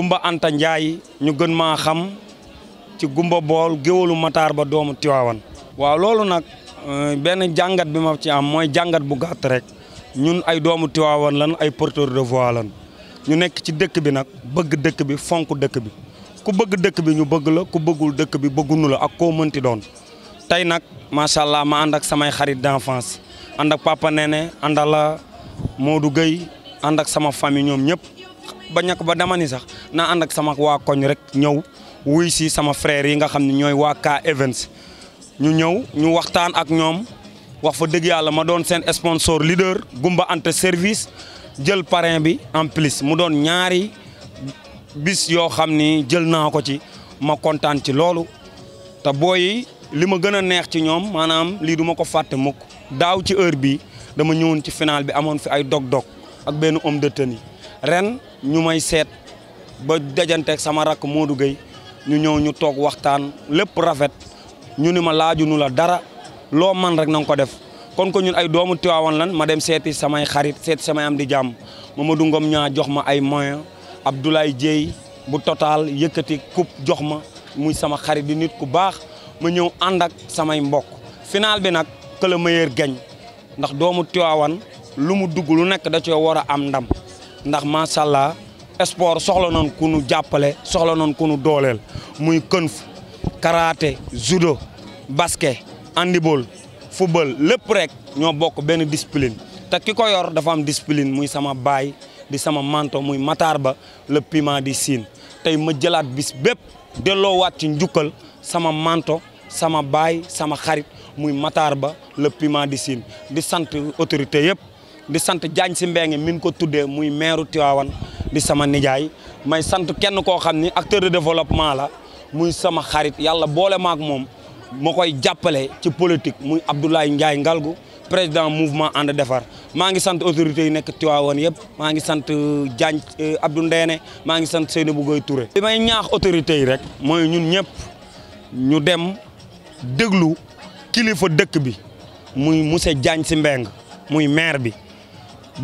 Gumba Anta Ndiaye ñu gën maa xam ci Gumba Bool géwalu Matar Ba doomu Tiwaawan waaw loolu nag euh, benn jàngat bi ma ci am mooy jàngat bu gàtt rek ñun ay doomu Tiwaawan lan ay porteur de voix lan ñu nekk ci dëkk bi nag bëgg dëkk bi fonk dëkk bi ku bëgg dëkk bi ñu bëgg la ku bëggul dëkk bi bëggunu la ak koo mënti doon tey nag macha allah ma ànd ak samay xarit d'enfance ànd ak papa Nene ànd la Modou ànd ak sama famille ñoom ñëpp ba ñàkk ba dama ni sax naa ànd ak sama waa koñ rek ñëw wuy si sama frère yi nga xam ne ñooy waa kaa Events ñu ñëw ñu waxtaan ak ñoom wax fa dëgg yàlla ma doon seen sponsor leader Goumba entre service jël parrain bi en plus mu doon ñaari bis yoo xam ni jël naa ko ci ma kontaan ci loolu te booy li ma gën a neex ci ñoom maanaam lii du ko fàtte mukk daaw ci heure bi dama ñëwoon ci final bi amoon fi ay dog-dog ak benn homme de tenue ren ñu may seet ba dajanteeg sama rakk Modou Gueye ñu ñëw ñu toog waxtaan lépp rafet ñu ni ma laaju nu la dara loo man rek na ko def kon ko ñun ay doomu Tiwaawan lan ma dem seeti samay xarit seeti samay am di jàmm Mamadou Ngom ñaa jox ma ay moyen Abdoulaye Dieye bu total yëkkati coupe jox ma muy sama xarit di nit ku baax ma ñëw ànd ak samay mbokk final bi nag que le meilleur ndax doomu Tiwaawan lu mu dugg lu nekk da cee war a am ndam ndax macha allah sport soxla noon ku nu jàppale soxla noon ku nu dooleel muy kënf karaté judo basket handball football lépp rek ñoo bokk benn discipline te ki ko yor dafa am discipline muy sama baay di sama manto muy Matar Ba le piment di siin tey ma jëlaat bis bépp delloowaat ci njukkal sama manto sama baay sama xarit muy Matar Ba le piment di siin di sant autorité yëpp di sant Diagne si Mbengue min ko tuddee muy maire Tivaouane di sama nijaay may sant kenn koo xam ni acteur de développement la muy sama xarit yàlla boole maak moom moo koy jàppale ci politique muy Abdoulaye Ndiaye Ngalgu président mouvement ànd defar maa ngi sant autorités yi nekk Tivaouane yëpp maa ngi sant euh, Diagne euh, Abdou Ndéné maa ngi sant bu Gueye Touré li may ñaax autorité yi rek mooy ñun ñëpp ñu dem déglu kilifa dëkk bi muy monsieur Diagne si Mbengue muy maire bi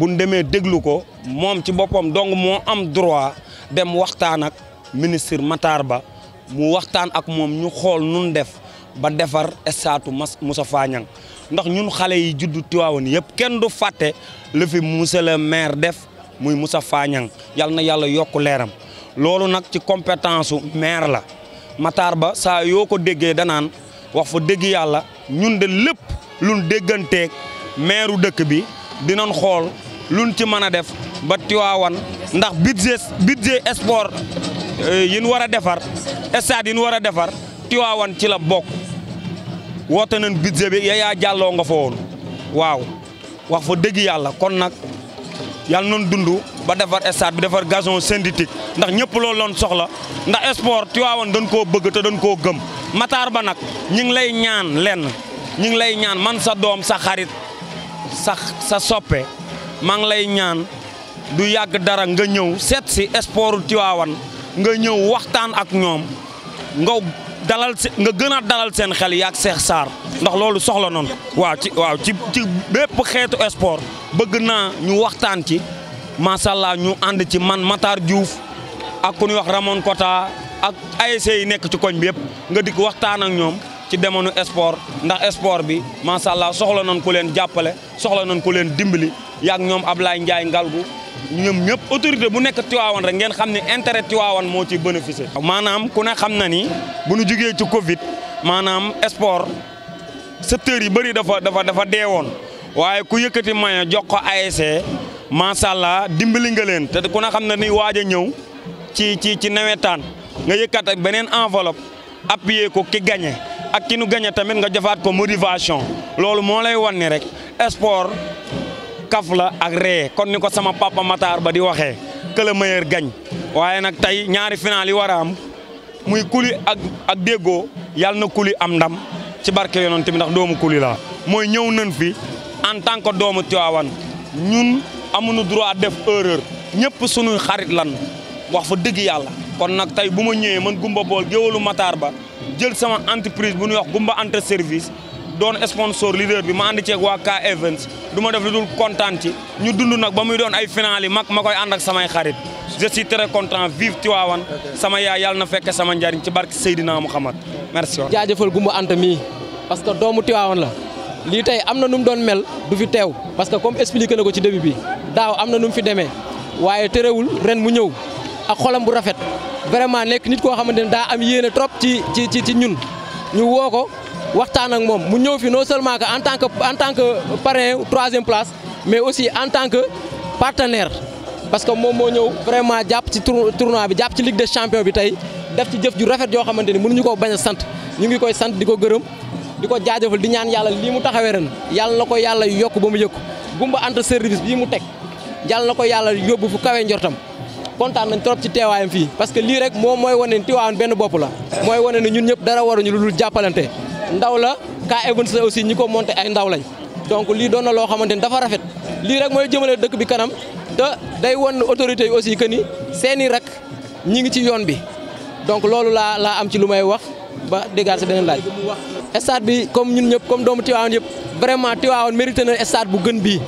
bu ñu demee déglu ko moom ci boppam donc moo am droit dem waxtaan ak ministre Matar Ba mu waxtaan ak moom ñu xool nun def ba defar estaatu mas Moustapha Niang ndax ñun xale yi juddu Tiwaawan yëpp kenn du fàtte lu fi monsieur le maire def muy musa Niang yal na yàlla yokk leeram loolu nag ci compétence su maire la Matar Ba saa yoo ko déggee danaan wax fa dégg yàlla ñun de lépp luñ dégganteeg u dëkk bi dinañ xool luñ ci mën a def ba Tiwaawan ndax budget budget sport euh, war a defar stade yi war a defar Tiwaawan ci la bokk woote nañ budget bi yaa jàlloo nga fa woon waaw wax fa dëgg yàlla kon nag yàlla noonu dund ba defar stade bi defar gazon synthétique ndax ñëpp loolu loon soxla ndax sport Tiwaawan dañ koo bëgg te dañ koo gëm Matar Ba nag ñu ngi lay ñaan lenn ñu ngi lay ñaan man sa doom sa xarit sa sa soppe maa ngi lay ñaan du yàgg dara nga ñëw seet si sportu Tiwaawan nga ñëw waxtaan ak ñoom nga dalal nga gën a dalal seen xel yaag seex saar ndax loolu soxla noonu waaw ci waaw ci ci bépp xeetu sport bëgg naa ñu waxtaan ci macha allah ñu ànd ci man mataar Diouf ak ku ñuy wax ramoon Kota ak ASC yi nekk ci koñ bi yëpp nga dikk waxtaan ak ñoom ci demonu sport ndax sport bi macha allah soxla noonu ku leen jàppale soxla noonu ku leen dimbali. yaag ñoom Ablaye ngal ngalgu ñoom ñëpp autorité bu nekk Tiwaawan rek ngeen xam ne intérêt Tiwaawan moo ciy bénéficier. maanaam ku na xam na ni bu nu jugee ci Covid maanaam sport secteur yi bëri dafa dafa dafa deewoon waaye ku yëkkati maillot jox ko ASC macha allah dimbali nga leen te ku na xam na ni waaj a ñëw ci ci ci nawetaan nga yëkkat ak beneen enveloppe appuyer ko ki gagné ak ki nu gagné tamit nga jafaat ko motivation loolu moo lay wan ni rek sport. kaf la ak ree kon ni ko sama papa Matar ba di waxee que le meilleur waaye nag tey ñaari final yi war a am muy kuli ak ak déggoo yàlla na kuli am ndam ci barke yonent bi ndax doomu kuli la mooy ñëw nañ fi en tant que doomu Tiwaawan ñun amuñu droit def erreur ñëpp suñuy xarit lan wax fa dëgg yàlla kon nag tey bu ma ñëwee man Gumba Bool géwalu Matar ba jël sama entreprise bu ñuy wax Gumba entre doon sponsor leader bi ma ànd ceeg waa K Events du ma def lu dul kontaan ci ñu dund nag ba muy doon ay final yi mag ma koy ànd ak samay xarit je suis très content vive Tivaouane sama yaay yàlla na fekke sama njariñ ci barke Seydina Mouhamad merci. jaajëfal Goumba Anta mii parce que doomu Tivaouane la lii tey am na nu mu doon mel du fi teew parce que comme expliqué na ko ci début bi daaw am na nu mu fi demee waaye terewul ren mu ñëw ak xolam bu rafet vraiment nekk nit koo xamante ne daa am yéene trop ci ci ci ñun ñu woo ko. waxtaan ak moom mu ñëw fi non seulement que en tant que en tant que parrain troisième place mais aussi en tant que partenaire. parce que moom moo ñëw vraiment jàpp ci tournoi bi jàpp ci ligue des champions bi tey def ci jëf ju rafet yoo xamante ni mënuñu ko bañ a sant ñu ngi koy sant di ko gërëm di ko jaajëfal di ñaan yàlla lii mu taxawee ren yàlla na ko yàlla yokk ba mu yëkku gumba entre service bii mu teg yàlla na ko yàlla yóbbu fu kawee njortam kontaan nañ trop ci teewaayam fii parce que lii rek mo mooy wane ni Tivaouane benn la mooy wane ni ñun ñëpp dara waruñu lu dul jàppalante ndaw la K Events la aussi ñi ko monté ay ndaw lañ donc lii doon na loo xamante ni dafa rafet lii rek mooy jëmale dëkk bi kanam te day won autorité yi aussi que ni seen i rak ñi ngi ci yoon bi donc loolu laa laa am ci lu may wax ba déggal si beneen laaj. stade bi comme ñun ñëpp comme doomu Tivaouane yëpp vraiment Tivaouane mérité na stade bu gën bii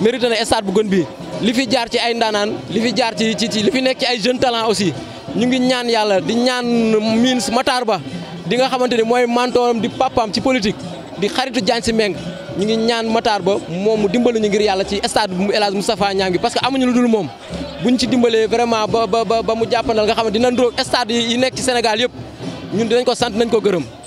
mérité na stade bu gën bii li fi jaar ci ay ndaanaan li fi jaar ci ci li fi nekk ci ay jeunes talent aussi. ñu ngi ñaan yàlla di ñaan miins Matar Ba di nga xamante ni mooy mantooram di papaam ci politique di xaritu Diagne Sy Mbengue ñu ngi ñaan Matar Ba moom mu dimbali ñu ngir yàlla ci stade bu El Hadj Moustapha ngi bi que amuñu lu dul moom buñ ci dimbalee vraiment ba ba ba ba mu jàppandal nga xam ne dina ndóog stade yi nekk ci Sénégal yëpp ñun dinañ ko sant nañ ko gërëm